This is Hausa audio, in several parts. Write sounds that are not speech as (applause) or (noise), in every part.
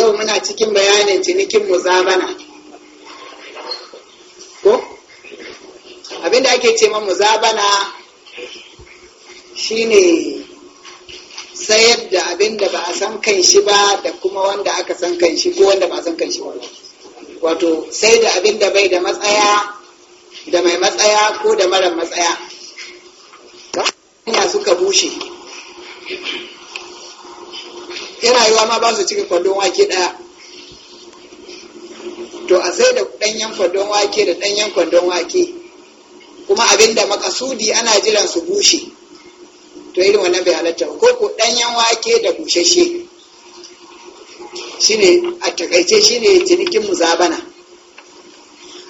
yau muna cikin bayanin cinikin muzabana ko abinda ake ce ma muzabana shine sayar da abinda ba a san kan shi ba da kuma wanda aka san kan shi ko wanda ba a san kan shi ba wato sai da abinda bai da matsaya da mai matsaya ko da mara matsaya suka bushe yana yiwa ma ba su cika kwallon wake ɗaya to a sai da ɗanyen kwallon wake da ɗanyen kwallon wake kuma abin da makasudi ana jiran su bushe to irin wannan bai halatta ko ko ɗanyen wake da bushashe shine a takaice shine cinikin muzabana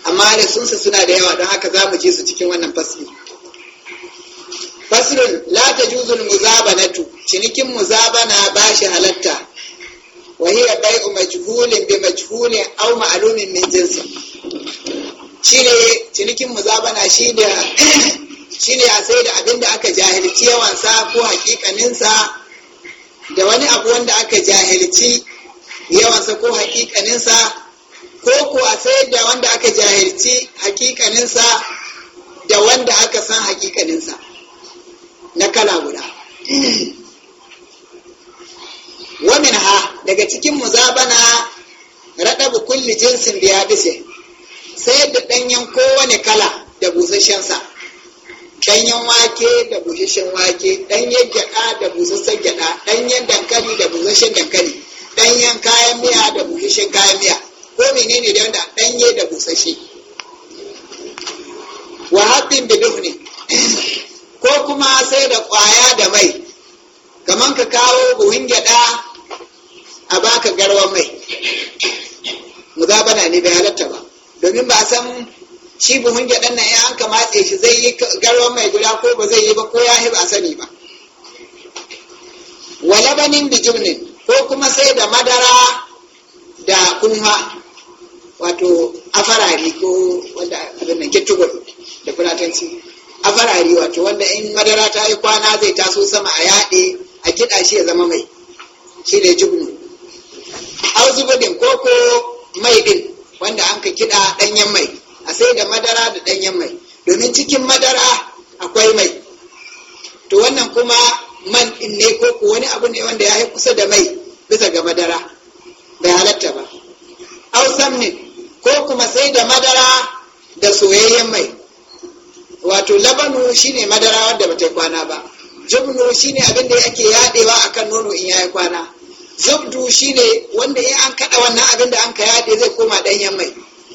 amma da su suna da yawa don haka za mu je su cikin wannan fasli Fasirin, la tajuzul muzabanatu cinikin muzabana ba shi halatta wa hiya bai'u majhulin bi majhulin aw ma'lumin min jinsi shine cinikin muzabana shine (coughs) shine a sai da abinda aka jahilci yawansa ko sa da wani abu wanda aka jahilci yawansa ko sa ko ko a sai da wanda aka jahilci sa da wanda aka san sa kala guda wamin ha daga cikin muzabana raɗabu kulli jinsin biya bise sai da ɗanyen kowane kala da busasshensa ɗanyen wake da busasshen wake ɗanyen gyaɗa da busasshen gyaɗa ɗanyen dankali da busasshen dankali ɗanyen kayan miya da busasshen kayan miya ko menene da wanda ɗanye da busasshe wa haɗin da ne ko kuma sai da kwaya da mai kamar ka kawo buhun gyaɗa a baka garwan mai Mu za bana ne bai halatta ba domin ba a san shi buhun gyaɗan nan an ka matse shi zai yi garwan mai guda ko ba zai yi ba ko ya yi ba a sani ba walabanin bijimnin ko kuma sai da madara da kunha wato afarari ko wanda abin da fulatanci a farare wato wanda in madara ta yi kwana zai taso sama a yaɗe a kiɗa shi ya zama mai shi ne jubnu au zubudin koko mai din wanda an ka kiɗa ɗanyen mai a sai da madara da ɗanyen mai domin cikin madara akwai mai to wannan kuma man ɗin ne koko wani abu ne wanda ya yi kusa da mai bisa ga madara bai halatta ba au samnin ko kuma sai da madara da soyayyen mai wato labanu shine madara wadda bata yi kwana ba jubnu shine abin da yake yadewa akan nono in yayi kwana zubdu shine wanda in an kada wannan abin da an ka yade zai koma danyen mai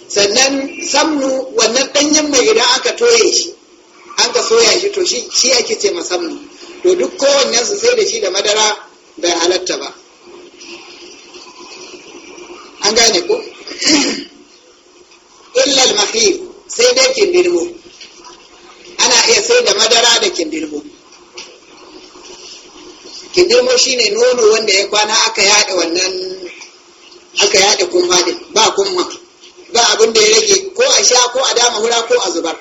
sannan samnu wannan danyen mai idan aka toye shi an ka soya shi to shi shi ake ce masamnu to duk kowannen su sai da shi da madara bai halatta ba an gane ko (coughs) illa al-mahir sai dai dirmo ana iya sai da madara da kindirmo kindirmo shine nono wanda ya kwana aka yada wannan aka yada kuma ba kuma ba abin da ya rage ko a sha ko a dama hura ko a zubar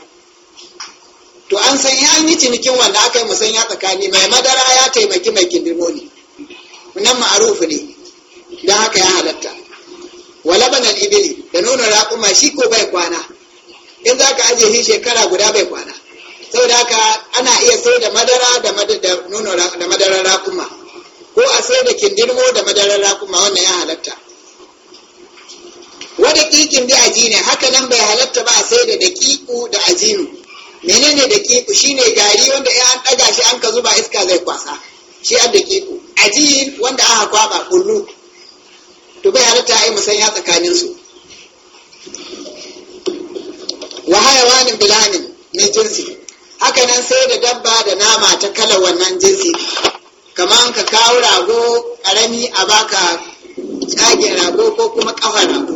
to an san ya yi cinikin wanda aka yi musanya tsakani mai madara ya taimaki mai kindirmo ne nan ma'arufu ne don haka ya halatta wa labanan ibili da nono raƙuma shi ko bai kwana in za ka ajiye shi shekara guda bai kwana da haka ana iya sai da madara da nono da madara rakuma ko a sai da kindirmo da madara rakuma wannan ya halatta wani kikin da ne, haka nan bai halatta ba a sai da daƙiƙu da ajinu menene daƙiƙu shine gari wanda in an ɗaga shi an ka zuba iska zai kwasa shi an daƙiƙu aji wanda aka kwaba kullu to bai halatta ai yi musanya tsakanin su wa hayawanin bilanin mai jinsi wajen sai da dabba da nama ta kala wannan jinsi kamar ka kawo rago ƙarami a baka ƙagen rago ko kuma ƙafar rago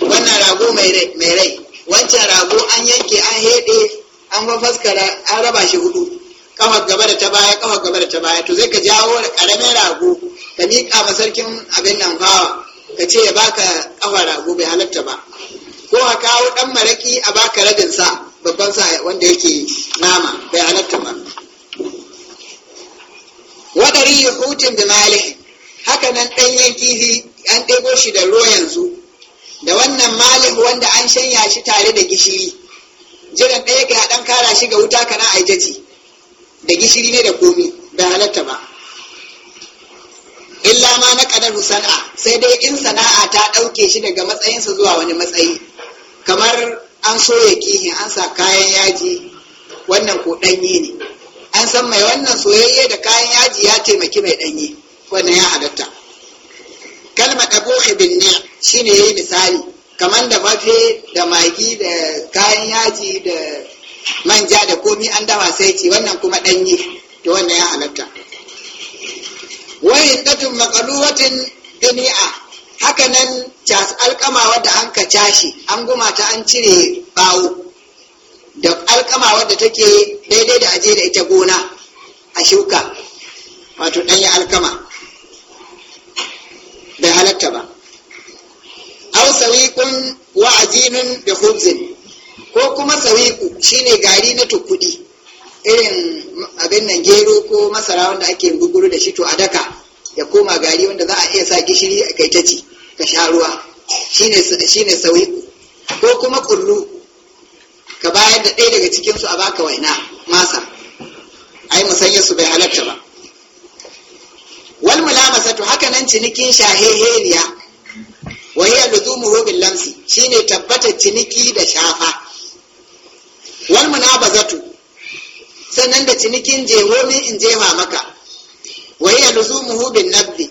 wannan rago mai rai wancan rago an yanke an heɗe an faskara an raba shi hudu kafa gaba da ta baya kafa gaba da ta baya to zai ka jawo ƙaramin rago ka miƙa ma sarkin abin nan fawa ka ce ya baka ƙafar rago bai halatta ba ko a kawo ɗan maraƙi a baka sa. babban sa wanda yake nama bai halatta ba wadari hutun da mali haka nan ɗanyen kifi an ɗebo shi da ruwa yanzu da wannan malih wanda an shanya shi tare da gishiri jiran ɗaya ga ɗan kara shi ga wuta kana aitaci da gishiri ne da komi bai halatta ba illa ma na ƙadar sana'a sai dai in sana'a ta ɗauke shi daga matsayinsa zuwa wani matsayi kamar an soya kihin an sa kayan yaji wannan ko ɗanye ne an san mai wannan soyayye da kayan yaji ya taimaki mai ɗanye wannan ya halatta kalmar Abu bin ne shine yayi misali kamar da mafe da magi da kayan yaji da manja da komi an dama sai ce wannan kuma ɗanye to wannan ya halatta wayin datun makaluwatin bini'a haka nan alkama wadda an ka cashe, an guma an cire bawo da alkama wadda take daidai da aje da ita gona a shuka wato ɗanya alkama bai halatta ba aw sawiqun wa azimin bi khubzin ko kuma sawiqu shine gari na tukudi irin abin nan gero ko masara wanda ake guguru da shi to a daka ya koma gari wanda za a iya sa gishiri a kai ta ci ka sha ruwa shi ne sauyi ko kuma kullu ka bayar da ɗaya daga cikinsu a baka waina masa ai musanya su bai halatta ba wal to haka nan cinikin shaheheriya wa hiya mu bil lamsi shine tabbata ciniki da shafa wal munabazatu sannan da cinikin jeho in jefa maka wa hiya mu bin nabdi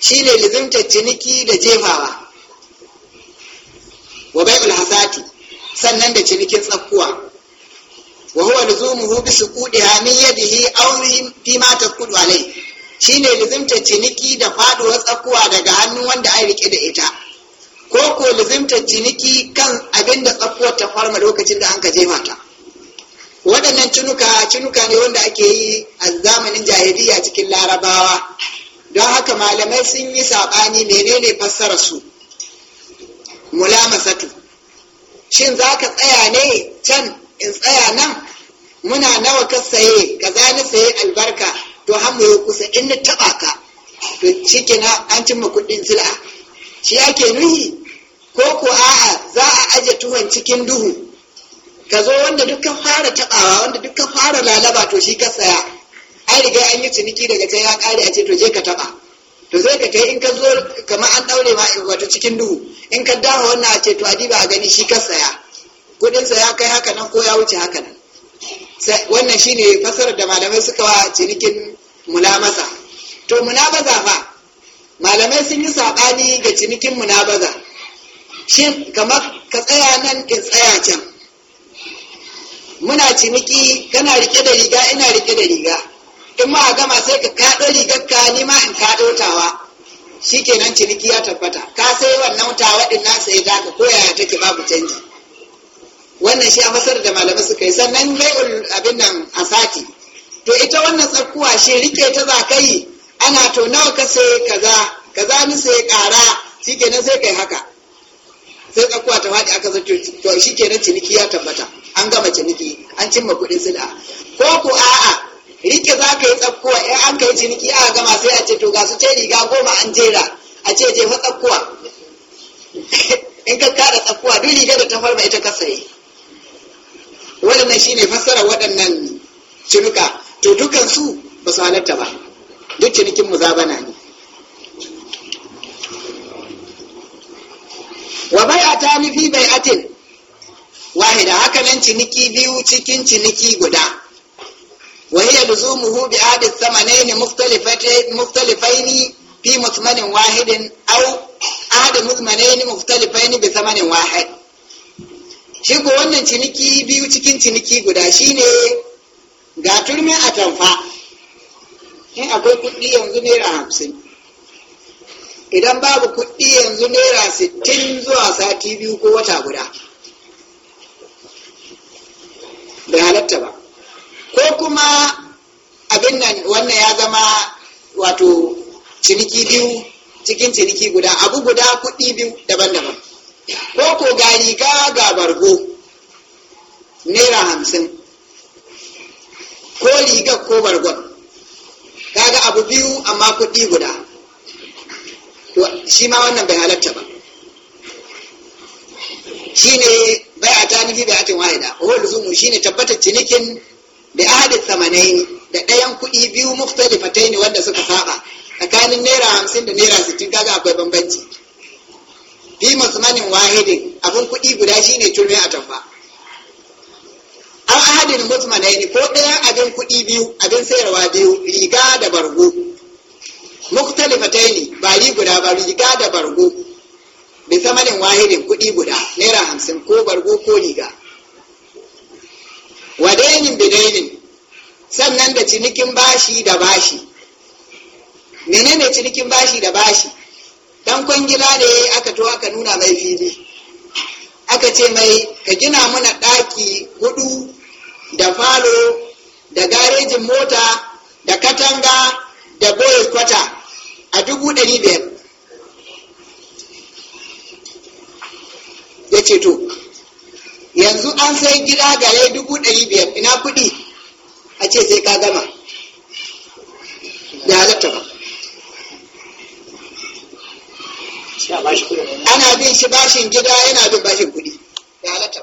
Shi ne lizimtar ciniki da jefawa wa bai'ul hasati sannan da cinikin tsakkuwa wa huwa luzumuhu bi suqudiha yadda yadihi aw fi ma taqudu alai Shi ne lizimtar ciniki da faduwar tsakkuwa daga hannun wanda ai rike da ita ko ko lizimtar ciniki kan abinda tsakkuwar ta farma lokacin da an ka jefa ta waɗannan cinuka cinuka ne wanda ake yi a zamanin jahiliya cikin larabawa don haka malamai sun yi saɓani menene fassara su mulamasatu shin za ka tsaya ne can in tsaya nan muna nawa ka saye ka zani saye albarka to har mu kusa in ni taɓa ka to na an cimma kuɗin sila shi ake nuhi ko ko a'a za a aje tuhon cikin duhu ka zo wanda dukkan fara taɓawa wanda dukkan fara lalaba to shi ka saya an riga an yi ciniki daga can ya kare a ce to je ka taba to sai ka kai in ka zo kamar an daure ma wato cikin duhu in ka dawo wannan a ce to adiba a gani shi ka saya kudin sa ya kai haka nan ko ya wuce haka nan wannan shine fasarar da malamai suka wa cinikin mulamasa to munabaza fa malamai sun yi saɓani ga cinikin munabaza shin kamar ka tsaya nan in tsaya can muna ciniki kana rike da riga ina rike da riga in ma gama sai ka kaɗo rigarka ka ni ma in kaɗo tawa nan ciniki ya tabbata ka sai wannan wuta din na sai da ka yaya take babu canji wannan shi a masar da malamai suka yi sannan bai'ul abin nan a sati to ita wannan tsakkuwa shi rike ta za ka yi ana to nawa ka sai kaza kaza ni sai ƙara nan sai kai haka sai tsakkuwa ta faɗi aka zato to shi nan ciniki ya tabbata an gama ciniki an cimma kuɗin sila ko ku a'a rike za ka yi tsakkuwa in an ka yi ciniki aka gama sai a ce to ga su ce riga goma an jera a ce jefa tsakkuwa in ka kada tsakkuwa duk riga da ta farma ita ka saye waɗannan ne fassara waɗannan cinuka to dukan su ba su halatta ba duk cinikin mu zabana ne wa bai a ta nufi bai atin wahida haka nan ciniki biyu cikin ciniki guda وهي ya بعاد الثمنين مختلفين في مثمن واحد أو عاد مثمنين مختلفين wannan ciniki biyu cikin ciniki guda shine ga turmin atamfa in akwai kuɗi yanzu naira hamsin idan babu kuɗi yanzu naira sittin zuwa sati biyu ko wata guda bai halatta ba ko kuma abin nan wannan ya zama wato ciniki biyu cikin ciniki guda abu guda kuɗi biyu daban-daban ko ko ga riga ga bargo naira hamsin ko riga ko bargon kaga abu biyu amma kuɗi guda shi ma wannan bai halatta ba shi ne bai a tanihi bai atin wahida wani zumu shi ne tabbatar cinikin da ahadi tsamanai da ɗayan kuɗi biyu muftalifatai ne wanda suka saba tsakanin naira hamsin da naira sittin kaga akwai bambanci fi musmanin wahidin abin kuɗi guda shi ne turmi a tamfa an ahadin musmanai ne ko ɗayan abin kuɗi biyu abin sayarwa biyu riga da bargo muftalifatai ne ba guda ba riga da bargo bi samanin wahidin kuɗi guda naira hamsin ko bargo ko riga wa dainin dainin sannan da cinikin bashi da bashi menene cinikin bashi da bashi dan kwangila ne aka to aka nuna mai fili aka ce mai ka gina mana ɗaki hudu da falo da garejin mota da katanga da boye kwata a dubu ɗari biyar ya ce to yanzu an sai gida ga ya dubu ɗari biyar ina kuɗi a ce sai ka gama da halatta ba ana bin shi bashin gida yana bin bashin kuɗi da halatta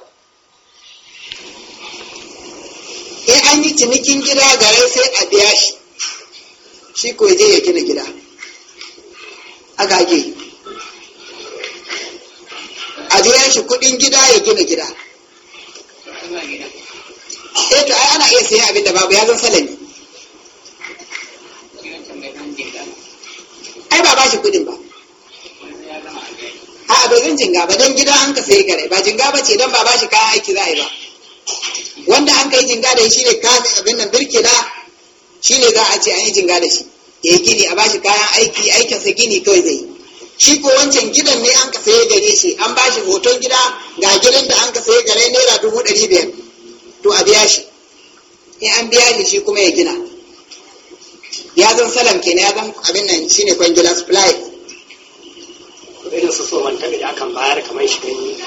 ba in an yi cinikin gida ga ya sai a biya shi shi ko je ya gina gida aka ake a biya shi kuɗin gida ya gina gida eh to ai ana iya sayan abin da babu ya zan salami ai ba ba shi kudin ba a ba zan jinga ba don gida an ka sayi gare ba jinga ba ce don ba ba shi kayan aiki za a yi ba wanda an kai jinga da shi ne kafin abin nan birkila shi ne za a ce an yi jinga da shi ya yi gini a ba shi kayan aiki aikinsa gini kawai zai yi shi ko wancan gidan ne an ka saye gare shi an ba shi hoton gida ga gidan da an ka saye gare naira dubu ɗari biyar to a biya shi in an biya shi shi kuma ya gina ya zan salam kenan ya zan abin nan shi ne kwangila supply irin su so manta da akan bayar kamar shi gani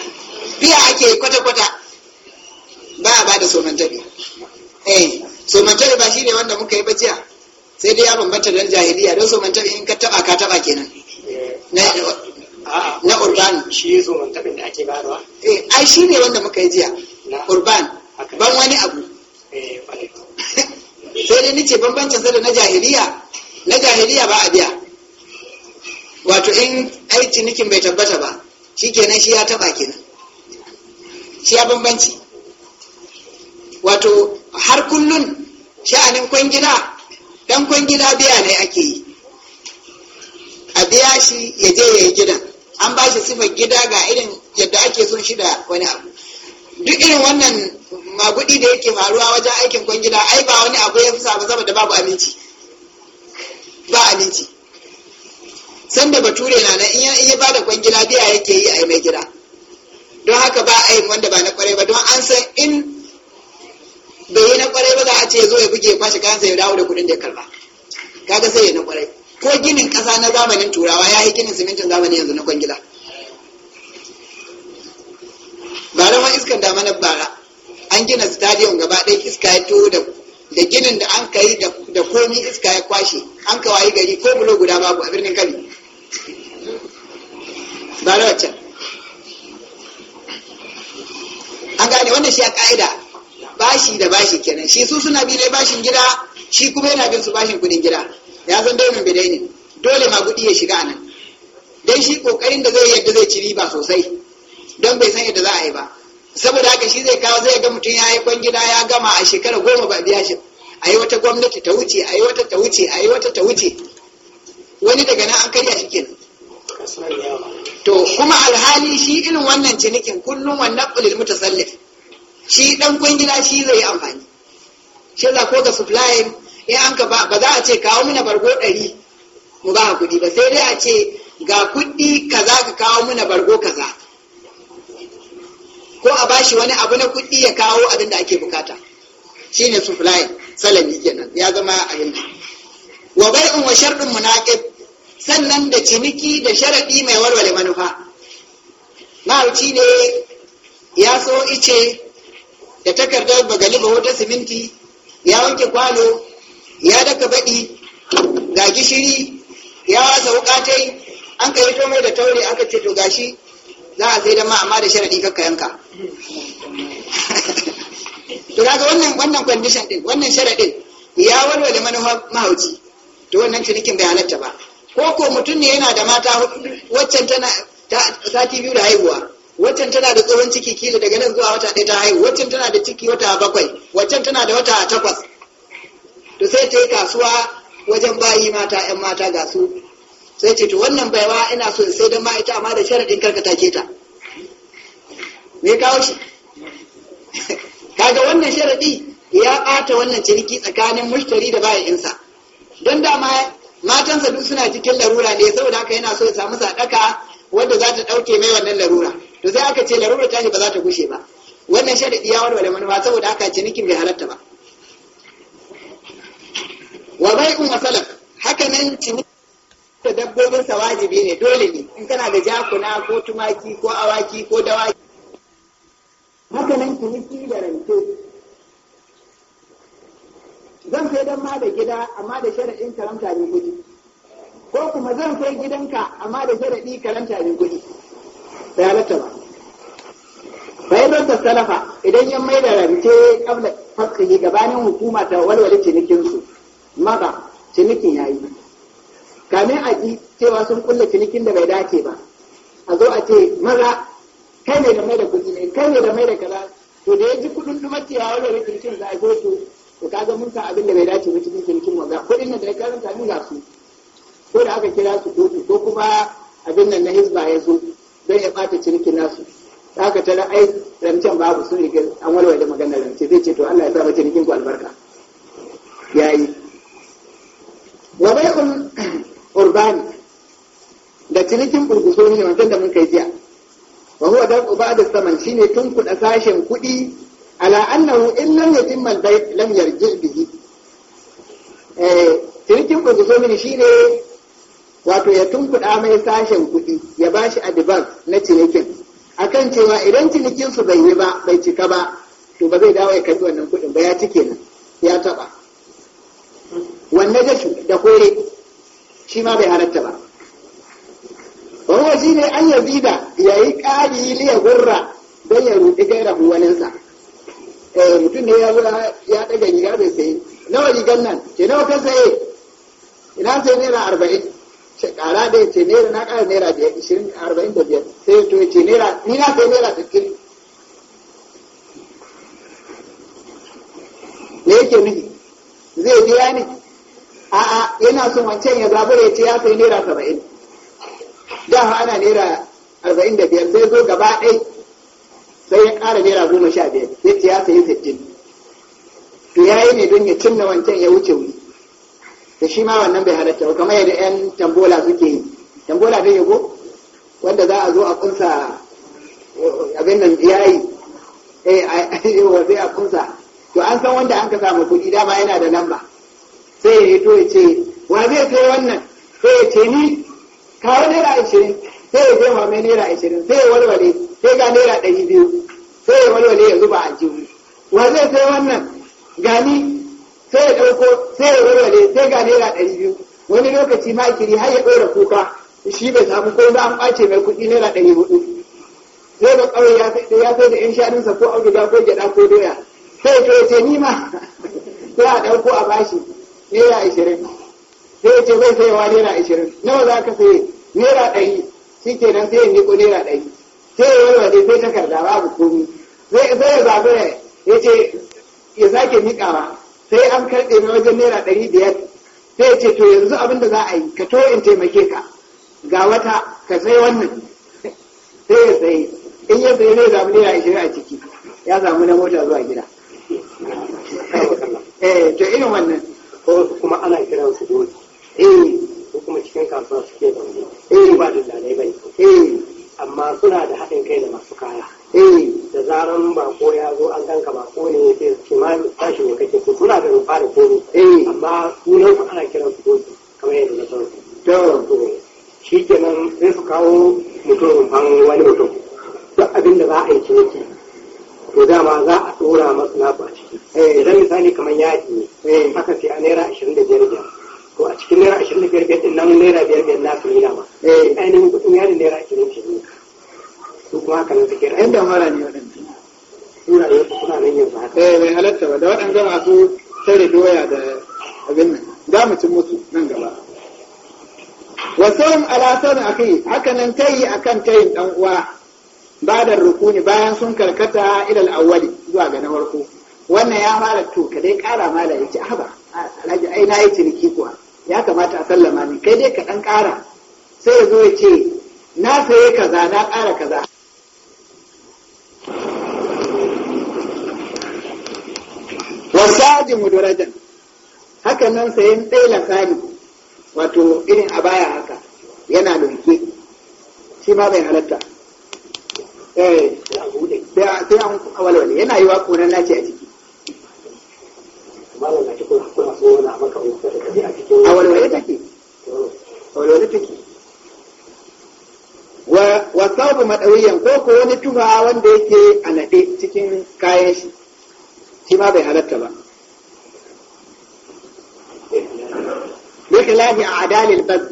biya ake kwata-kwata ba a ba da somantabi eh somantabi ba ne wanda muka yi bajiya sai dai ya bambanta don jahiliya don somantabi in ka taba ka taba kenan na urban shi zo mantabin da ake bayarwa eh ai shi ne wanda muka yi jiya urban ban wani abu eh, (laughs) sai dai nace bambancin sa da na jahiliya na jahiliya ba a biya wato in ai cinikin bai tabbata ba shi kenan shi ya taba kenan shi ya bambanci wato har kullun sha'anin kwangila dan kwangila biya ne ake yi a biya shi ya je ya yi gidan an ba shi sifar gida ga irin yadda ake son shi da wani abu duk irin wannan magudi da yake faruwa wajen aikin kwangila ai ba wani abu ya fi zama da babu aminci ba aminci sanda bature na nan in ya ba da kwangila biya yake yi a mai gida don haka ba a yi wanda ba na kwarai ba don an san in bai yi na kwarai ba za a ce zo ya buge kwashe kansa ya dawo da kudin da ya karba kaga sai ya na kwarai ko ginin ƙasa na zamanin turawa ya yi ginin simintin zamanin yanzu na kwangila bara ma iskan damanar bara an gina stadium gaba ɗaya iska ya toho da ginin da an kai da komi iska ya kwashe an kawai gari ko bulo guda babu a birnin ba bara wacce. an gane wannan shi a ka'ida bashi da bashi kenan shi su suna bi ne bashin gida shi kuma yana bin su bashin kudin gida ya san dole bidai ne dole ma gudi ya shiga nan dan shi kokarin da zai yadda zai ci riba sosai don bai san yadda za a yi ba saboda haka shi zai kawo zai ga mutum ya yi gida ya gama a shekara goma ba biya shi a yi wata gwamnati ta wuce a yi wata ta wuce a yi wata ta wuce wani daga nan an karya shi kenan to kuma alhali shi irin wannan cinikin kullum wannan ƙulil mutasallif shi dan kwangila shi zai yi amfani shi za ko ga supplying in an ka ba za a ce kawo muna bargo ɗari mu ba kuɗi ba sai dai a ce ga kuɗi kaza ka kawo muna bargo kaza ko a bashi wani abu na kuɗi ya kawo abin da ake bukata shine supply salami kenan ya zama abin da wa in wa sharɗin munaqib sannan da ciniki da sharaɗi mai warware manufa mahauci ne ya so ice da takardar bagali ba wata siminti ya wanke kwano ya daka baɗi ga gishiri ya wasa wukatai an ka yi mai da taure aka ce to gashi za a sai da ma amma da sharaɗi kakka yanka (laughs) to daga wannan wannan condition din wannan sharaɗin ya warware manufa mahauci to wannan cinikin bai halatta ba ko ko mutum ne yana da mata waccan tana sati biyu da haihuwa waccan tana da tsohon ciki kila daga nan zuwa wata ɗaya ta haihu waccan tana da ciki wata bakwai waccan tana da wata takwas to sai ta yi kasuwa wajen bayi mata yan mata ga su sai ce to wannan baiwa ina so sai don ma ita amma da sharaɗin karkata ke ta me kawo shi (laughs) kaga wannan sharaɗi ya ɓata wannan ciniki tsakanin mushtari da bayinsa don dama matansa duk suna cikin larura ne saboda haka yana so ya samu sadaka wadda za ta ɗauke mai wannan larura to sai aka ce larura ta ba za ta gushe ba wannan sharaɗi ya warware manufa saboda haka cinikin bai halatta ba wa bai'un wa salaf haka nan ci da dabbobin sa wajibi ne dole ne in kana da jakuna ko tumaki ko awaki ko dawaki haka nan ki da rance zan sai dan ma da gida amma da sharadin karanta ne kuɗi ko kuma zan sai gidanka amma da sharaɗi karanta ne kuɗi da halatta ba bayan da salafa idan ya mai da rance kabla fasqihi gabanin hukuma ta walwale cinikin su mada cinikin yayi kamin a ji cewa sun kulle cinikin da bai dace ba a zo a ce maza kai ne da mai da kuɗi ne kai ne da mai da kaza to da ya ji kuɗin dumacewa wani da cinikin za a zo to to kaga mun san abin da bai dace ba cikin cinikin wanga kuɗin nan da ya karanta ni ga su ko da aka kira su kotu ko kuma abin nan na hizba ya zo don ya ɓata cinikin nasu da aka tara ai rancen babu sun rigar an walwale maganar rance zai ce to Allah ya sa cinikin ku albarka yayi wa kun urbani da cinikin burguso ne wancan da mun kai jiya wa huwa uba da saman shine tun kuɗa sashen kuɗi ala annahu in lam yatimma al bayt lam yarji' bihi eh cinikin burguso ne shine wato ya tunkuɗa mai sashen kuɗi ya bashi shi advance na cinikin akan cewa idan cinikinsu bai yi ba bai cika ba to ba zai dawo ya karbi wannan kuɗin ba ya cike nan, ya taɓa wanne da da kore shi ma bai halatta ba wawa shi ne an yanzu da ya yi ƙari liya gurra don ya ruɗi gaira huwaninsa eh, mutum ne ya wula ya ɗaga rigar bai sayi nawa rigar nan ke nawa ka saye ina sai naira arba'in shekara da ce naira na ƙara naira biyar ishirin arba'in da biyar sai to toye ce naira ni na sai naira sittin me yake nufi zai biya ni yana son wancan ya zabura ya ce ya sai naira saba'in da ana naira arba'in da biyar sai zo gaba ɗai sai ya ƙara naira goma sha biyar ya ce ya sayi sittin to ya yi ne don ya cinna wancan ya wuce wuri da shi ma wannan bai halatta ba kamar yadda 'yan tambola suke yi tambola bai yago wanda za a zo a kunsa abin nan yayi yi eh, (laughs) wa zai a kunsa to an san wanda an ka samu kuɗi dama yana da lamba sai ya to ya ce wa zai kai wannan sai ya ce ni kawo naira ashirin sai ya je mai naira ashirin sai ya walwale sai ga naira ɗari biyu sai ya walwale ya zuba a jihu wa zai kai wannan gani sai ya ɗauko sai ya walwale sai ga naira ɗari biyu wani lokaci ma kiri har ya ɗora kuka shi bai samu ko za a ɓace mai kuɗi naira ɗari hudu sai da ƙauye ya sai da ƴan shanunsa ko auduga ko gyaɗa ko doya sai ya ce ni ma (laughs) sai a ɗauko a bashi naira ashirin sai ya ce zai sayawa naira ashirin nawa za ka saye naira ɗari shi nan sai ya niko naira ɗari sai ya warware sai takarda babu komi sai ya zaɓi ya ce ya sake miƙawa sai an karɗe na wajen naira ɗari biyar sai ya ce to yanzu abin da za a yi ka to in taimake ka ga wata ka sai wannan sai ya sayi in ya sayi zai zaɓi naira ashirin a ciki ya samu na mota zuwa gida eh to irin wannan kuma ana kiransu dole eh ko kuma cikin kasuwa suke zaune eh ba da dalai bai. eh amma suna da haɗin kai da masu kaya eh da zaran ko ya zo an ganka ko ne sai su ma tashi ne kake ko suna da rufa da komi eh amma sunan ku ana kiran su koki kamar yadda na sauki to shi kenan sai su kawo mutum rumfan wani mutum duk abinda da za a yi ciniki to dama za a ɗora masu nasu a ciki eh, idan misali kamar yaƙi ne haka eh. sai a naira ashirin da biyar biyar to a cikin naira ashirin da biyar biyar din nan naira biyar biyar na sun yi dama eh ainihin kuɗin yarin naira ashirin ce ne su kuma haka nan suke rayuwa da mara ne waɗanda suna da wasu suna nan yanzu haka eh bai halatta ba da waɗanda masu tare doya da abin nan za mu cin musu nan gaba wasan alasan akai haka nan tayi akan tayin dan uwa ba da rukuni bayan sun karkata ilal awwali zuwa ga na farko wannan ya fara to ka dai kara mala yace haba alhaji ai na yi ciniki kuwa ya kamata a sallama ni kai dai ka dan ƙara sai ya zo ya ce na saye kaza na ƙara kaza wasa'adi mudarajan haka nan sai sayan tsaila sani wato irin a baya haka yana ɗauke shi ma bai halatta eh sai an walwale yana yi wa kunan nace a ciki a walwale take a walwale take wa wa sabu madawiyan ko ko wani tufa wanda yake a nade cikin kayan shi shi ma bai halatta ba bikilahi a adalil bas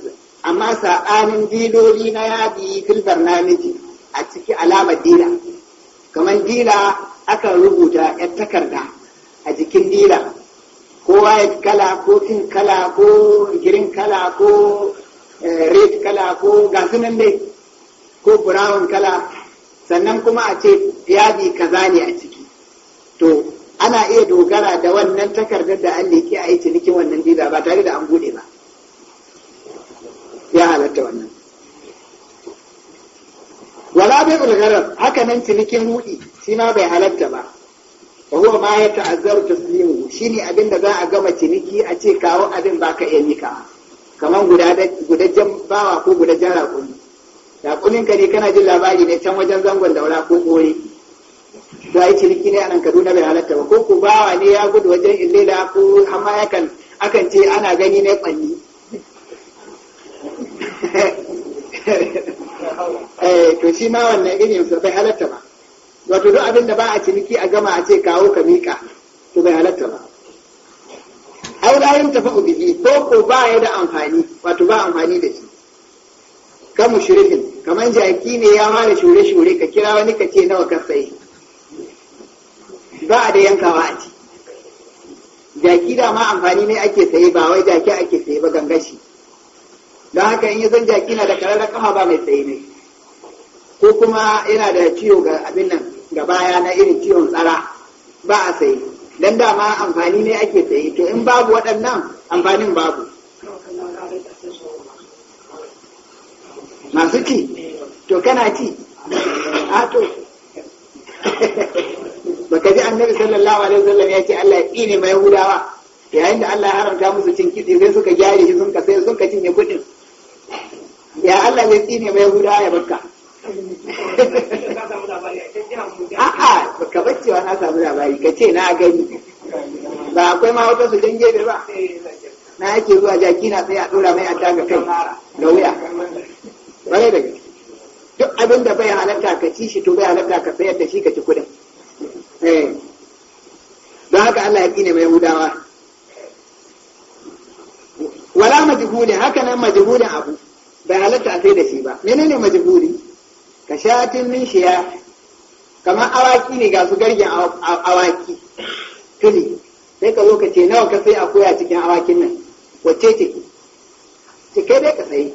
amma sa'anin diloli na yadi fil namiji a ciki alama dila kamar dila akan rubuta yar takarda a jikin dila ko fi kala ko fin kala ko girin kala ko eh, red kala ko gasu nan dai ko brown kala sannan kuma a ce yadi kaza ne a ciki to ana iya dogara da wannan takardar da an leke a yi cinikin wannan biza ba tare da an bude ba ya halatta wannan wala bai bulgarar haka nan cinikin rudi shi ma bai halatta ba fahuwa ma ya ta'azzaru taslimu shine abin da za a gama ciniki a ce kawo abin ba ka iya nika kamar gudajen bawa ko gudajen rakuni rakunin ka ne kana jin labari ne can wajen zangon daura ko kore to ai ciniki ne a nan kaduna bai halatta ba ko ku bawa ne ya gudu wajen illela ko amma yakan akan ce ana gani ne kwanni (laughs) eh, to shi ma wannan irin su bai halatta ba wato duk abin da ba a ciniki a gama a ce kawo ka miƙa to bai halatta ba aw la tafi bihi ko ko ba ya da amfani wato ba amfani da shi ka mushrikin kamar jaki ne ya ware shure shure ka kira wani ka ce nawa ka sai ba a da yankawa a ci jaki da ma amfani ne ake saye ba wai jaki ake saye ba gangashi don haka in yi zan jaki na da kararra kama ba mai saye ne ko kuma yana da ciwo ga abin nan ga baya na irin ciwon tsara ba a sayi don dama amfani ne ake sai to in babu waɗannan amfanin babu masu ci to kana ci a ah, to (laughs) baka ji annabi sallallahu alaihi wasallam ya ce Allah ya tsine mai hudawa yayin da Allah ya haramta musu cin kitse sai suka gyare shi sun ka sai sun ka cinye kuɗin ya Allah ya tsine mai hudawa ya bakka a'a ka bar cewa na samu labari ka ce na gani ba akwai ma wata su jan gebe ba na yake zuwa jaki na tsaye a dora mai adda ga kai da wuya bare da duk abin da bai halatta ka ci shi to bai halatta ka sayar da shi ka ci kudin eh. don haka Allah ya kine mai hudawa wala majhuli haka nan majhulin abu bai halatta a sai da shi ba menene majhuli ka shatin min shiya kamar awaki ne ga su gargin awaki tuli sai ka zo ka ce nawa ka sai a koya cikin awakin nan wacce ce, cike dai ka sai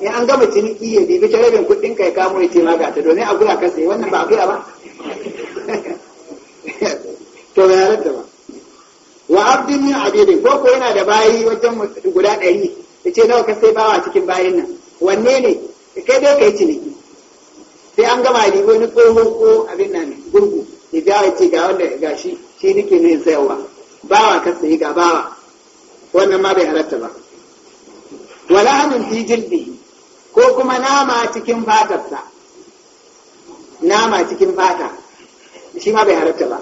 in an gama ciniki ya bibi ta rabin kuɗin ka ya kamo ya ce ma ga ta domin a gura ka sai wannan ba a gura ba (laughs) to bai halatta ba wa abdin min abidin ko ko yana da bayi wajen guda ɗari ya ce nawa ka sai bawa cikin bayin nan wanne ne kai dai ka yi ciniki sai an gama da wani tsohon ko abin nan gurgu ya ga ya ce ga wanda ga shi shi nake ne sayarwa bawa ka sayi ga bawa wannan ma bai halatta ba wala hannun fi jildi ko kuma nama cikin fatarsa nama cikin fata shi ma bai halatta ba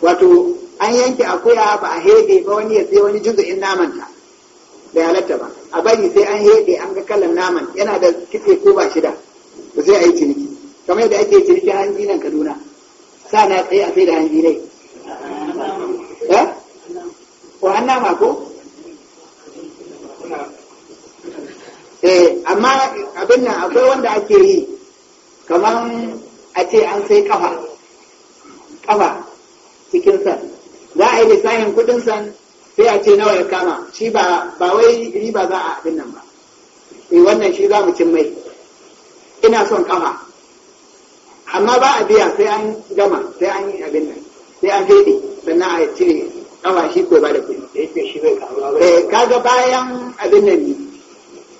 wato an yanke akuya ba a hege ba wani ya sai wani juzu'in namanta da halatta ba a bari sai an heɗe an ga kalan naman yana da kife ko ba shida ba sai a yi ciniki kamar yadda ake ciniki hanji nan kaduna sa na tsaye a sai da hanji ne eh? ko an nama ko eh amma abin nan akwai wanda ake yi kamar a ce an sai kafa kafa cikin san za a yi lissafin kudin san sai a ce nawa ya kama shi ba ba wai riba za a abin nan ba E, wannan shi za mu cin mai ina son kama amma ba a biya sai an gama sai an yi abin nan sai an daidai sannan a cire kama shi ko ba da kuɗi yake shi bai kama ba eh kaga bayan abin nan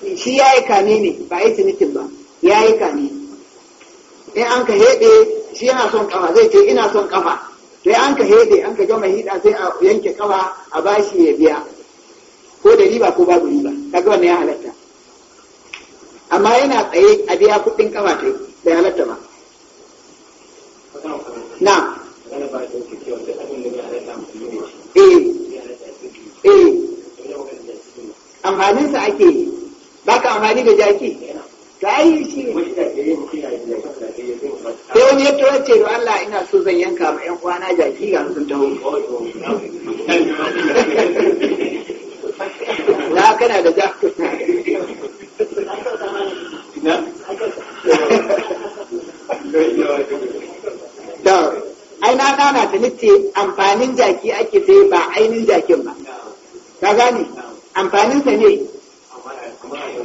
ne shi ya yi kane ne ba yi tunikin ba ya yi kane in an ka heɗe shi yana son kama zai ce ina son kama to an ka hede an ka gama hida sai a yanke kawa a bashi ya biya ko da riba ko babu riba kaga wannan ya halatta amma yana tsaye a biya kudin kawa ta bai halatta ba na eh eh amfaninsa ake yi ba ka amfani da jaki zahiri shi ne sai wani ya tura ce da Allah ina so zan yanka ma 'yan uwana jaki ga sun taho na kana da ja ai na nana ta nace amfanin jaki ake sai ba ainihin jakin ba ka gane amfaninsa ne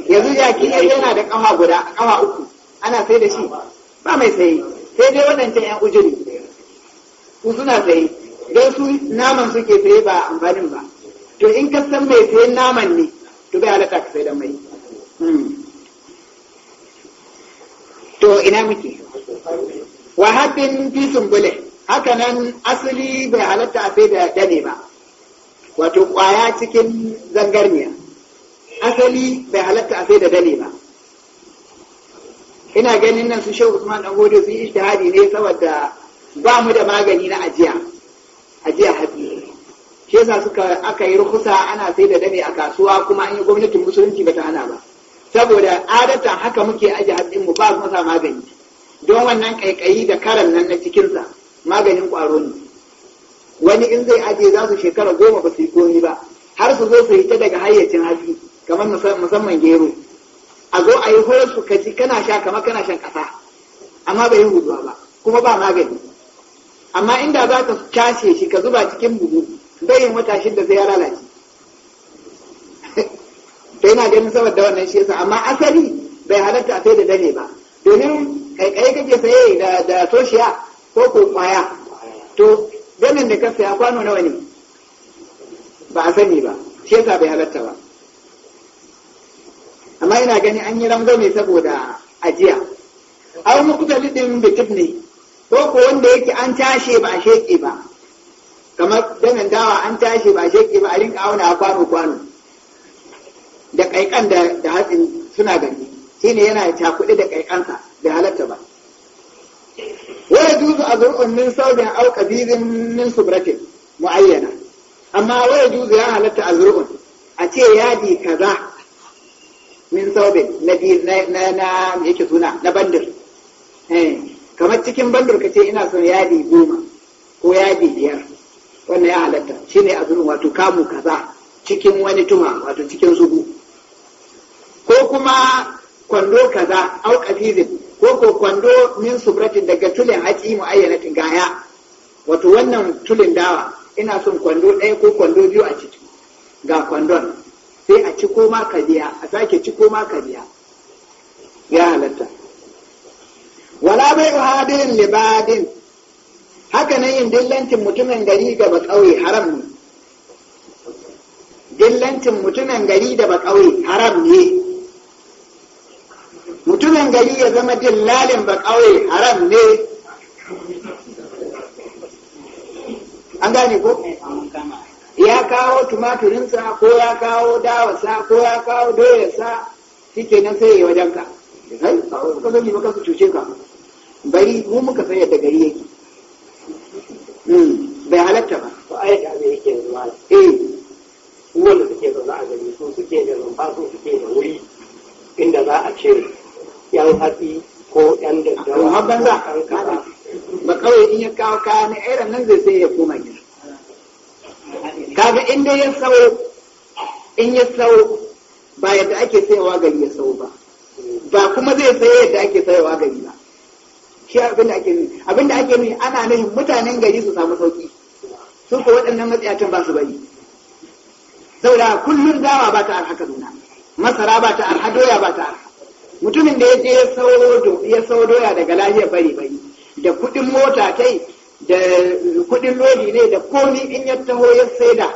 yanzu jaki ya yana da kafa guda kafa uku ana sai da shi ba mai sayi sai dai waɗancan yan ujiri ku suna sayi don su naman suke sai ba amfanin ba to in ka san mai sai naman ne to bai halatta ka sai da mai hmm. to ina muke wa haɗin fi sumbule haka nan asali bai halatta a sai da dane ba wato kwaya cikin zangarniya asali bai halatta a sai da dale ba ina ganin nan su shehu usman dan gode su yi ijtihadi ne saboda ba mu da magani na ajiya ajiya hadi shi yasa suka aka yi rukusa ana sai da dane a kasuwa kuma an yi gwamnatin musulunci bata hana ba saboda adatan haka muke ajiye hadin mu ba mu sa magani don wannan kaikayi da karan nan na cikinsa maganin kwaro ne wani in zai ajiye za su shekara goma ba su yi komi ba har su zo su yi ta daga hayyacin hatsi kamar musamman gero a zo a yi horon ka ji kana sha kamar kana shan ƙasa amma bai yi huduwa ba kuma ba magani amma inda za ka cashe shi ka zuba cikin buhu bai yi wata da zai ya lalace sai (laughs) na ganin saboda wannan shi amma asali bai halatta a sai da dane ba domin kaikai kake saye da da toshiya ko ko kwaya to ganin da ka saya kwano nawa ne ba a sani ba shi bai halatta ba amma yana gani an yi rango ne saboda ajiya an mukuta lidin bitib ne ko ko wanda yake an tashe ba a sheƙe ba kamar danan dawa an tashe ba a sheƙe ba a rinka auna kwano kwano da kaikan da hatsin suna gani shine yana cakuɗe da kaikansa da halatta ba wa yajuzu azru'un min sawbin aw qabidin min subratin muayyana amma wa yajuzu ya halatta azru'un a ce yadi kaza min sobin na na na yake suna na bandir eh, kamar cikin bandir ka ce ina son yadi goma ko yadi biyar wannan ya halatta shine azumin wato kamu kaza cikin wani tuma wato cikin zugu ko kuma kwando kaza au kafizin ko ko kwando min subratin daga tulin haƙi muayyanatin gaya wato wannan tulin dawa ina son kwando ɗaya ko kwando biyu a ciki ga kwandon sai a ci koma ka biya a sake ci koma ka biya ya halatta wala bai hadin libadin haka nan yin dillancin mutumin gari ga bakauye haram ne dillancin mutumin gari da bakauye haram ne mutumin gari ya zama dillalin bakauye haram ne an gane ko? ya kawo tumaturinsa ko ya kawo dawasa ko ya kawo doyarsa shi nan sai ya wajenka zai kawo ka zani maka su cuce ka bari mu muka san yadda gari yake hmm, bai halatta ba ko ayi da me yake zuwa eh wanda suke zaune a gari su suke da rumfa su suke da wuri inda za a ce yan hatsi ko yan daddawa ba kawai in ya kawo kaya na irin nan zai sai ya koma gida kaga in dai ya sau in ya sau ba yadda ake sayawa gari ya sau ba ba kuma zai sayi yadda ake sayawa gari ba shi abin da ake nufi abinda ake nufi ana nufin mutanen gari su samu sauki su ko waɗannan matsayacin ba su bari saboda kullum dawa ba ta arhaka nuna masara ba ta arha doya ba ta arha mutumin da ya je ya sau doya daga lahiyar bari bari da kuɗin mota yi. da kudin lodi ne da komi in ya taho ya saida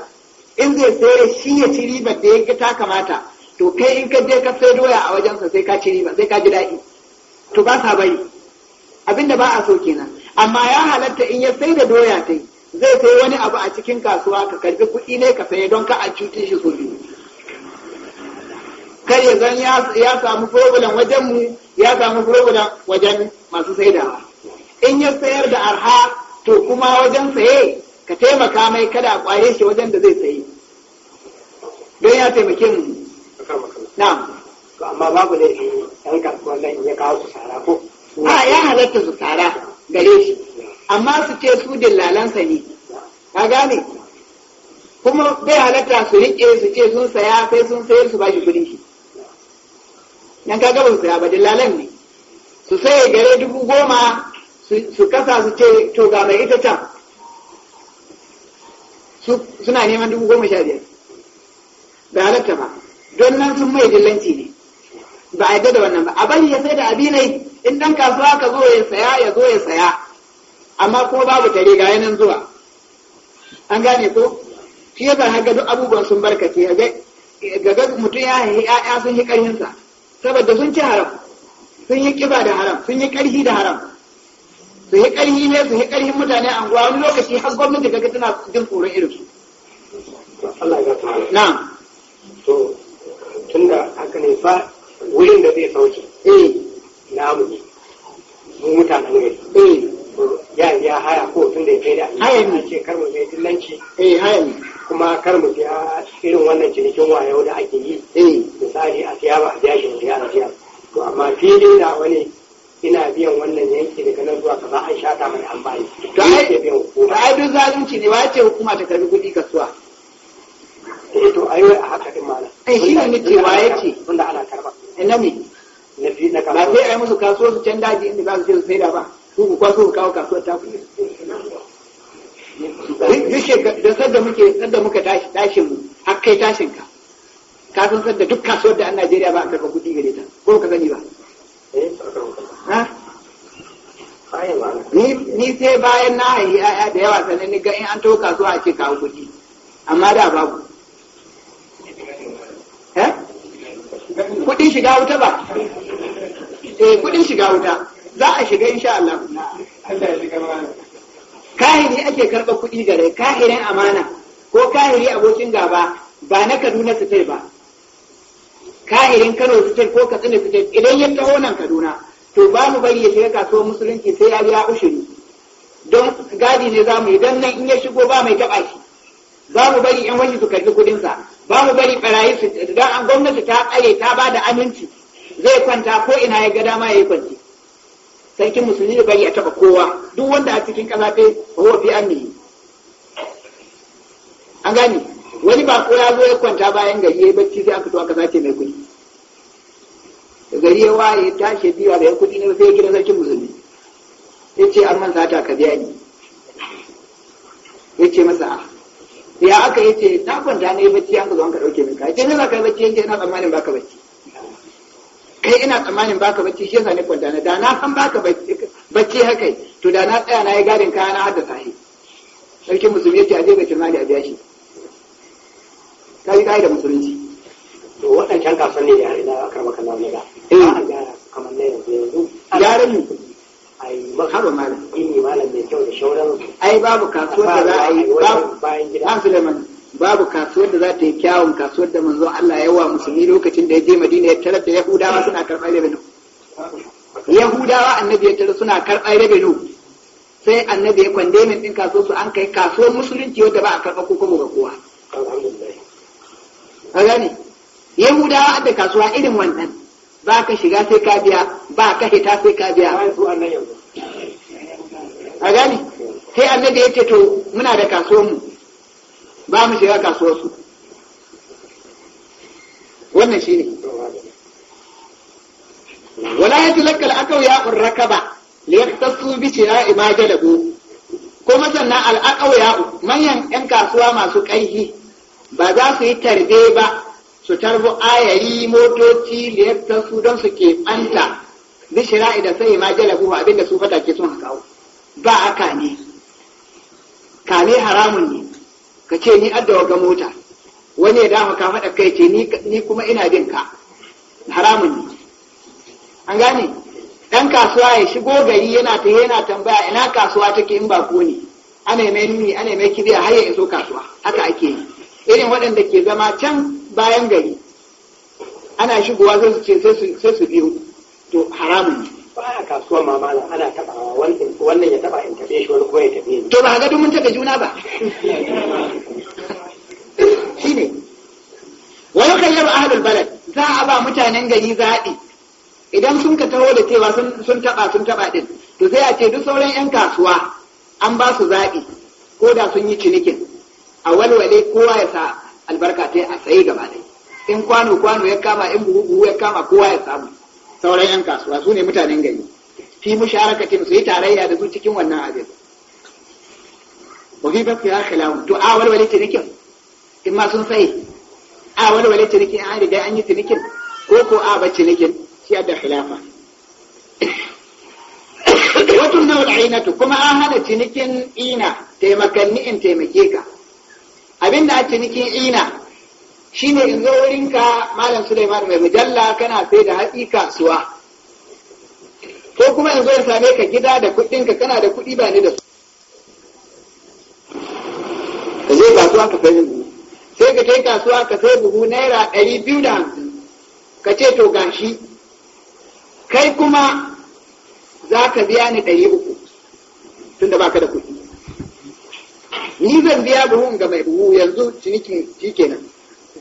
in zai sayar shi ya ci ribar da ya ta kamata to kai in ka je ka sai doya a wajensa sai ka ci riba sai ka ji daɗi to ba sa bari abinda ba a so kenan amma ya halatta in ya sai da doya ta zai sai wani abu a cikin kasuwa ka karbi kuɗi ne ka saye don ka a cuci shi so biyu kar ya zan ya samu furobulan wajen mu ya samu furobulan wajen masu saidawa in ya sayar da arha to kuma wajen saye ka taimaka mai kada a ƙware shi wajen da zai saye don ya taimake mu na to amma babu da yan kasuwan nan ya kawo su tsara ko a ya halatta su tsara gare shi amma su ce su dillalansa ne ka gane kuma bai halatta su riƙe su ce sun saya sai sun sayar su ba shi kuɗin shi nan ka gaba su saya ba dillalan ne su saye gare dubu goma su kasa su ce to ga mai ita can suna neman dubu goma sha biyar da halatta ba don nan sun mai dillanci ne ba a yadda da wannan ba a bari ya sai da abinai in dan kasuwa ka zo ya saya ya zo ya saya amma kuma babu tare ga yanan zuwa an gane ko shi da haka duk abubuwan sun barkace ga ga mutum ya yi ya'ya sun yi karhinsa saboda sun ci haram sun yi kiba da haram sun yi karhi da haram su yi ƙarhi ne su yi ƙarhin mutane a anguwa wani lokaci har gwamnati daga tana jin tsoron irin su Allah ya ta na to da haka ne ba wurin da zai sauke eh namu mu mutanen ne. eh ya ya haya ko tun da ya kai da haya ne ce kar mu zai dillanci eh haya ne kuma kar mu biya irin wannan cinikin wayo da ake yi eh misali a siya ba a biya shi ne a siya to amma fili da wani ina biyan wannan yanki daga nan zuwa kaza an shata mai an bayi to ai da biyan hukuma ai duk zalunci ne wace ce hukuma ta karbi kuɗi kasuwa eh to ai a haka din malam eh shi ne nake wa yace tunda ana karba ina eh, ne na fi na kama ba sai ai musu kasuwa su can daji inda za su je su saida ba su ku kwaso ku kawo kasuwa ta ku duk da sadda muke sadda muka tashi tashin mu har kai tashin ka ka san sadda duk kasuwar da a Najeriya ba a karba kuɗi gare ta ko ka gani ba Ni sai bayan na yi ‘ya'ya da yawa sannan ni in an toka zuwa ce kawo kuɗi, amma da babu. Kuɗin shiga wuta ba? Eh, kuɗin shiga wuta. Za a shiga insha Allah. Kahiri ake karɓa kuɗi gare, kahirin amana ko kahiri abokin gaba ba na Kaduna su ba. kahirin kano fitar ko katsina fitar idan ya taho nan kaduna to ba mu bari ya shiga kasuwar musulunci sai ya biya ushiri don gadi ne za mu yi don nan in ya shigo ba mai taɓa shi za mu bari yan wani su karbi kuɗinsa ba mu bari barayi su don an gwamnati ta tsare ta ba da aminci zai kwanta ko ina ya ga dama ya yi kwanci sarkin musulmi bari a taɓa kowa duk wanda a cikin ƙasa ta huwa fi an an gane wani ba ko ya zo ya kwanta bayan gari ya yi bacci sai aka to aka sace mai kuɗi gari ya waye tashi biya da ya kuɗi ne sai ya gina sarkin musulmi ya ce an man sata ka biya ni ya ce masa ya aka yi ce na kwanta na yi bacci an ka zo an ka ɗauke min ka ce ne za ka yi bacci yanke ina tsammanin baka bacci kai ina tsammanin baka bacci shi yasa ne kwanta na da na san baka bacci haka to da na tsaya na yi gadin kaya na haddasa shi sarkin musulmi ya ce a je ga kirmani a biya shi ta yi da musulunci to waɗancan kasuwan ne da har ina aka maka nan da eh kamar na yanzu yanzu gyaran ai makaro malam ini malam mai kyau da shauran ai babu kasuwar da za a yi bayan gida an Suleiman babu kasuwar da za ta yi kyawun kasuwar da manzo Allah ya wa musulmi lokacin da ya je Madina ya tarar da Yahudawa suna karɓar rabinu Yahudawa annabi ya tarar suna karɓar rabinu sai annabi ya kwande min din kasuwar su an kai kasuwar musulunci wadda ba a karɓa ko kuma ga kowa a gani yahudawa da kasuwa irin wannan ba ka shiga sai ka biya ba ka hita sai ka biya a gani sai annabi ya ce to muna da kasuwar mu ba mu shiga kasuwar su wannan ne. wala ya tilakka akau ya urrakaba liyaktasu bi shira'i ma jalabu ko masanna al'akau ya manyan yan kasuwa masu ƙarfi ba za su yi tarbe ba su tarbo ayayi, motoci liyattar su don su keɓanta bishira da sai ma jalabu abinda su ke sun kawo ba haka ne kame haramun ne ka ce ni adawa ga mota wani ya dama ka faɗa kai ce ni kuma ina bin ka haramun ne an gane ɗan kasuwa ya shigo gari yana ta yana tambaya ina kasuwa take in ba ko ne ana mai nuni ana mai kibiya har ya iso kasuwa haka ake yi irin waɗanda ke zama can bayan gari ana shigowa sai su ce sai su biyo to haramun ne ba a kasuwa ma ana tabawa wannan ya taɓa in tabe shi wani ko ya tabe ni to ba ga dumin tabe juna ba (laughs) shine wa yukallabu ahlul balad za a ba mutanen gari zaɓi idan sun ka taho da cewa sun taɓa sun taɓa ɗin to sai a ce duk sauran 'yan kasuwa an ba su zaɓi ko da sun yi cinikin a walwale kowa ya sa albarka ta a tsaye gaba ɗaya in kwano kwano ya kama in buhu buhu ya kama kowa ya samu sauran yan kasuwa su ne mutanen gari fi musharakatin su yi tarayya da su cikin wannan abin wafi fi ya khilamu to a walwale tinikin in ma sun sai a walwale tinikin an riga an yi tinikin ko ko a ba tinikin shi da khilafa wato na to kuma an hana cinikin ina taimakanni in taimake ka abin da ake nikin ina ne in zo wurinka malam Suleiman mai mujalla kana sai da hatsi kasuwa ko kuma in zo in same ka gida da kuɗinka kana da kuɗi ba ni da su ka je kasuwa ka sai buhu sai ka kai kasuwa ka sai buhu naira ɗari biyu da hamsin ka ce to gashi kai kuma za ka biya ni ɗari uku tunda baka da ni zan biya buhun ga mai buhu yanzu cinikin shi kenan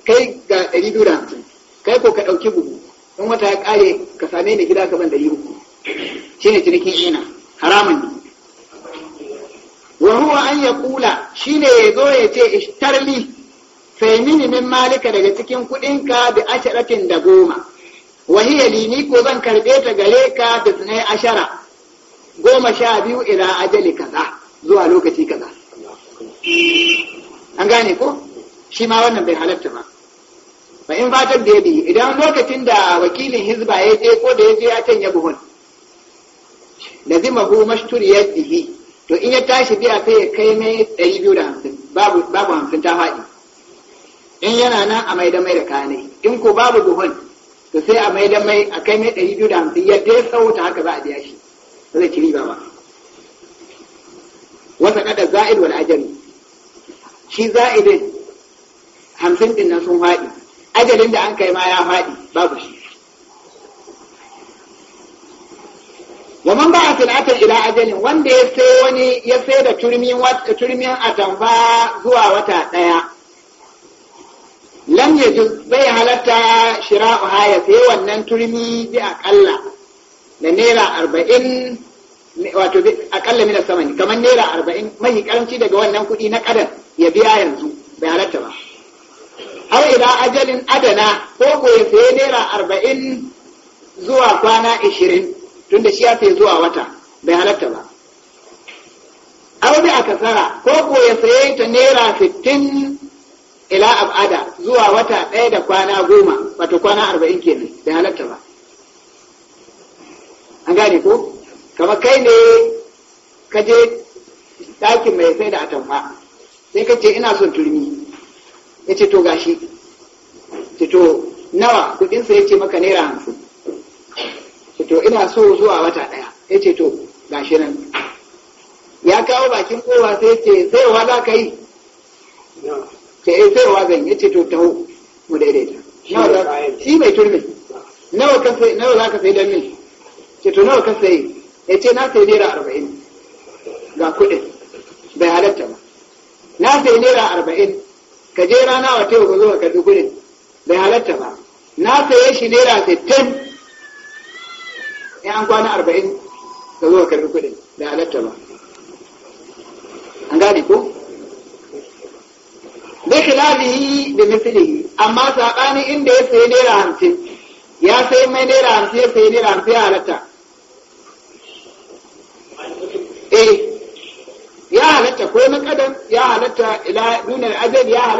kai ga ɗari biyu da hamsin kai ko ka ɗauki buhu in wata ya ƙare ka same ni gida ka ɗari uku shi ne cinikin ina haramun ne wa huwa an ya kula shi ne ya zo ya ce ishtarli sai mini min malika daga cikin kuɗinka da asharatin da goma wahiyar lini ko zan karɓe ta gare ka da tunai ashara goma sha biyu ila ajali kaza zuwa lokaci kaza an gane ko shi ma wannan bai halatta ba ba in fatan da ya bi. idan lokacin da wakilin hizba ya je ko da ya je ya ya buhun mashtur ya dihi to in ya tashi biya sai ya kai mai ɗari biyu da hamsin babu hamsin ta faɗi in yana nan a mai da mai da kane in ko babu buhun to sai a mai da mai a kai mai ɗari biyu da hamsin ya dai sauta haka za a biya shi zai ci riba ba wasa kada za'id wal ajami shi za'idin hamsin din nan sun haɗi ajalin da an kai ma ya faɗi babu shi wa man ba'a silatan ila ajalin wanda ya sai wani ya sai da turmin turmin atamfa zuwa wata ɗaya lam yajuz bai halatta ha ya sai wannan turmi bi aƙalla da naira arba'in wato mina samani kamar naira arba'in mai karanci daga wannan kuɗi na ƙadan ya biya yanzu bai halatta ba har ila ajalin adana ko goyi sai naira arba'in zuwa kwana ishirin tunda shi ya fi zuwa wata bai halatta ba bi a kasara ko ko ya saye ta naira sittin ila abada zuwa wata ɗaya da kwana goma wato kwana arba'in kenan bai halatta ba an gane ko Kama kai ne ka je ɗakin mai sai da atamfa sai ka ce ina son turmi ya ce to gashi ce to nawa kudinsa ya ce maka naira hamsin ce to ina so zuwa wata ɗaya ya ce to gashi nan ya kawo bakin kowa sai ya ce wa za ka yi ce eh wa zan ya ce to taho mu daidaita shi mai turmi nawa za ka sai don min ce to nawa ka sai ya ce na sai naira arba'in ga kudin bai halatta ba na sai naira arba'in ka je rana wa ta ka zo ka karɓi gudun bai halatta ba na saye shi naira sittin in an kwana arba'in ka zo ka karɓi gudun bai halatta ba an gane ko bi khilafihi da mithlihi amma saɓani inda ya sayi naira hamsin ya sai mai naira hamsin ya sayi naira hamsin ya halatta ila duna ajal ya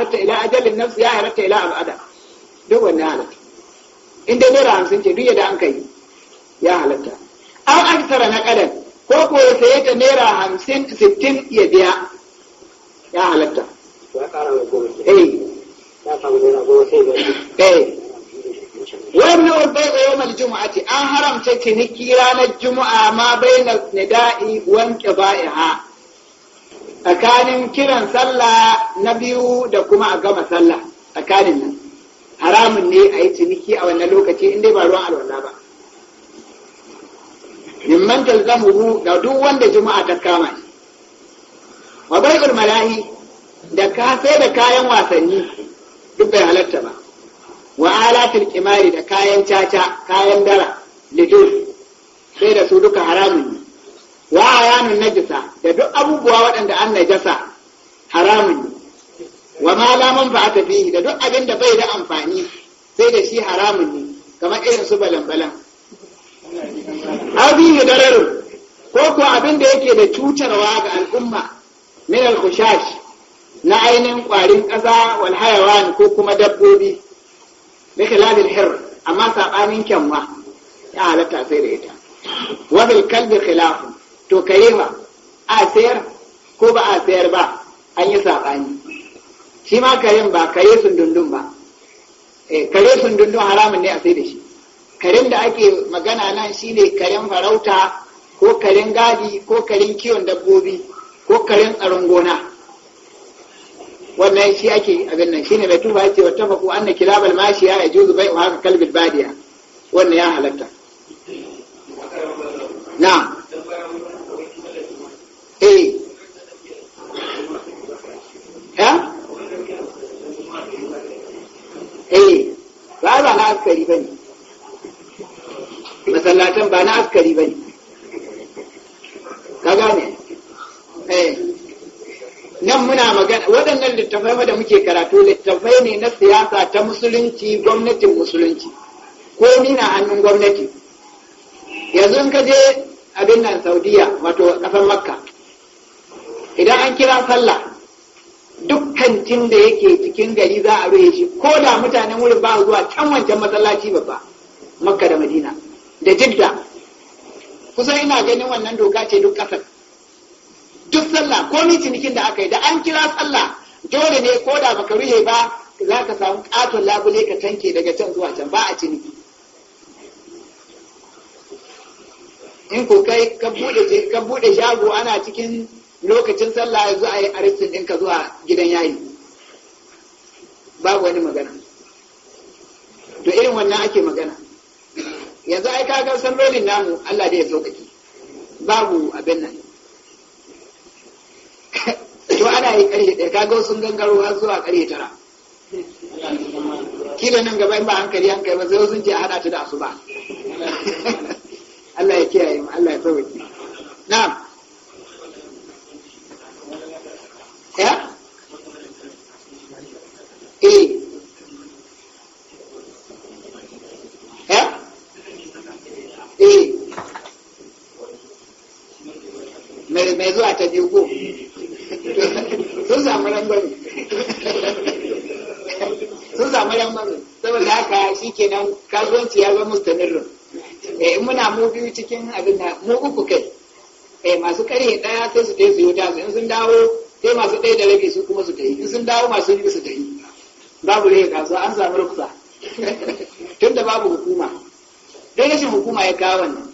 nafsi ya halatta ila al'ada duk wannan halatta in dai naira hamsin ce duk yadda an kai ya halatta an aksara na kadan ko ko ya saye hamsin sittin ya biya ya halatta eh eh wannan juma'a ce an haramta ciniki ranar juma'a ma bai na daɗi wanke ba'iha tsakanin kiran sallah na biyu da kuma a gama sallah tsakanin nan haramun ne a yi ciniki a wannan lokaci in ba ruwan alwala ba mimman talzamuhu da duk wanda juma'a ta kama shi wa bai'ul mala'i da ka sai da kayan wasanni duk bai halatta ba wa alatul kimari da kayan caca kayan dara lidul sai da su duka haramun ne. wa ayanin najisa da duk abubuwa waɗanda an najasa haramun ne wa ma la manfa'ata fihi da duk abin da bai da amfani sai da shi haramun ne kamar irin su balan-balan abihi dararu ko ko abin da yake da cutarwa ga al'umma min al-khushash na ainihin ƙwarin ƙasa wal hayawan ko kuma dabbobi bi khilafil hir amma sabanin kyanwa ya halatta sai da ita wa bil kalbi khilafun to ka yi ma a sayar ko ba a sayar ba an yi saɓani shi ma karen ba kare sundundun ba eh, kare sundundun haramun ne a sai da shi karen da ake magana nan shine karen farauta ko karen gadi ko karen kiwon dabbobi ko karen tsaron gona wannan shi ake abin nan ne mai tuba ce wata faku an na kilabal mashi ya yajuzu bai'u haka kalbil badiya wannan ya halatta na eh ha eh ba ba na askari bane masallatan ba na askari bane ka gane eh nan muna magana waɗannan littafai da muke karatu littafai ne na siyasa ta musulunci gwamnatin musulunci ko ni na hannun gwamnati yanzu ka je abin nan saudiya wato ƙasar makka idan an kira sallah dukkan cin da yake cikin gari za a rufe shi ko da mutanen wurin ba zuwa can wancan masallaci babba makka da madina da jidda kusan ina ganin wannan doka ce duk kasar duk sallah ko ni cinikin da aka yi da an kira sallah dole ne ko da baka ruhe ba za ka samu katon labule ka tanke daga can zuwa can ba a ciniki in ko kai ka bude shago ana cikin lokacin sallah ya zo a yi aristin ɗinka zuwa gidan yayi babu wani magana to irin wannan ake magana yanzu ai ka ga sallolin namu Allah da ya sauƙaƙe babu abin nan (laughs) to ana yi ƙarfe ɗaya kaga sun gangaro har zuwa ƙarfe tara kila nan gaba in ba hankali hankali ba sai sun ce a haɗa ta da asuba (laughs) Allah ya kiyaye mu Allah ya sauƙaƙe cikin abin da mu uku kai eh masu kare daya sai su tai su yi su in sun dawo sai masu ɗaya da rabi su kuma su yi, in sun dawo masu biyu su yi, babu rage kasuwa an samu ruksa (laughs) tunda babu hukuma dai rashin hukuma ya kawo wannan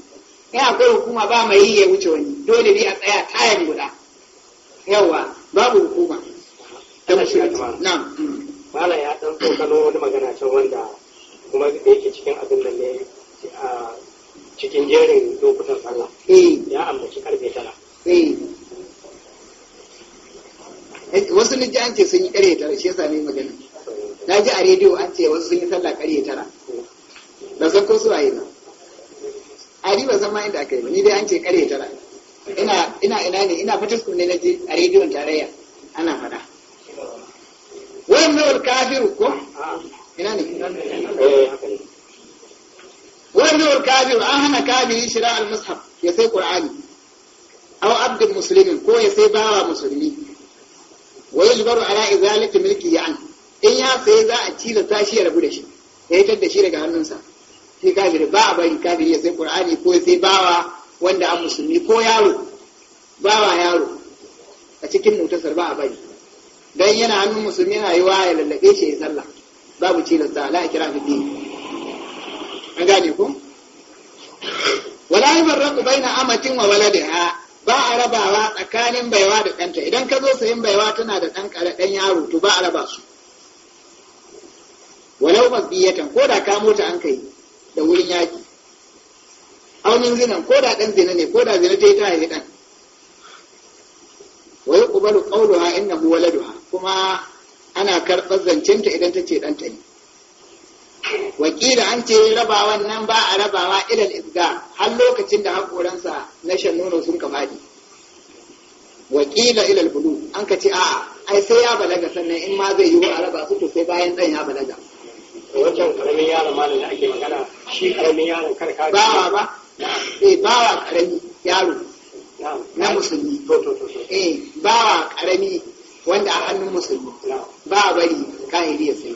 in akwai hukuma ba mai yi ya wuce wani dole ne a tsaya tayan guda yawa babu hukuma ta shi na bala ya dan tsokano wani magana can wanda kuma da yake cikin abin nan ne cikin jerin lokutan sallah eh. ya ambaci karfe tara eh. Eh, wasu ni ji an ce sun yi karfe tara shi yasa ne magana na ji a rediyo an ce wasu sun yi sallah karfe tara da san ko su waye ba a ni ba san ma inda aka yi ba ni dai an ce karfe tara ina ina ina ne ina fataskun ne na ji a rediyon tarayya ana faɗa wani nawar kafiru ko ah. ina ne wani wani kafir an hana kafiri shira al-mushaf ya sai qur'ani au abdin muslimin ko ya sai bawa musulmi wa yujbaru ala izalati milki an in ya sai za a cila tashi ya rabu da shi ya yi da shi daga hannunsa shi kafiri ba a bari kafiri ya sai qur'ani ko ya sai bawa wanda an musulmi ko yaro bawa yaro a cikin mutasar ba a bari dan yana hannun musulmi yana yi wa ya lallabe shi ya sallah babu cila sa la kira fi an gane ku wala yufarraqu baina amatin wa waladiha ba a rabawa tsakanin baiwa da ɗanta idan ka zo sayin baiwa tana da ɗan ƙara ɗan yaro to ba a raba su walau biyatan ko da ka mota an kai da wurin yaƙi aunin zinan ko da ɗan zina ne ko da zina ta yi ta haifi ɗan wa yuqbalu qawluha innahu waladuha kuma ana karɓar zancenta idan ta ce ɗanta ne wakila an ce rabawan nan ba a rabawa ilal isga har lokacin da haƙoransa na shan nono sun kamaɗi wakila ilal bulu an ka ce a'a ai sai ya balaga sannan in ma zai yiwu a raba su to sai bayan ɗan ya balaga wancan ƙaramin yaron malam da ake magana shi karamin yaron kar ka bawa ba eh bawa ƙarami. yaro na musulmi to to to eh bawa karami wanda a hannun musulmi ba bari kan ya sai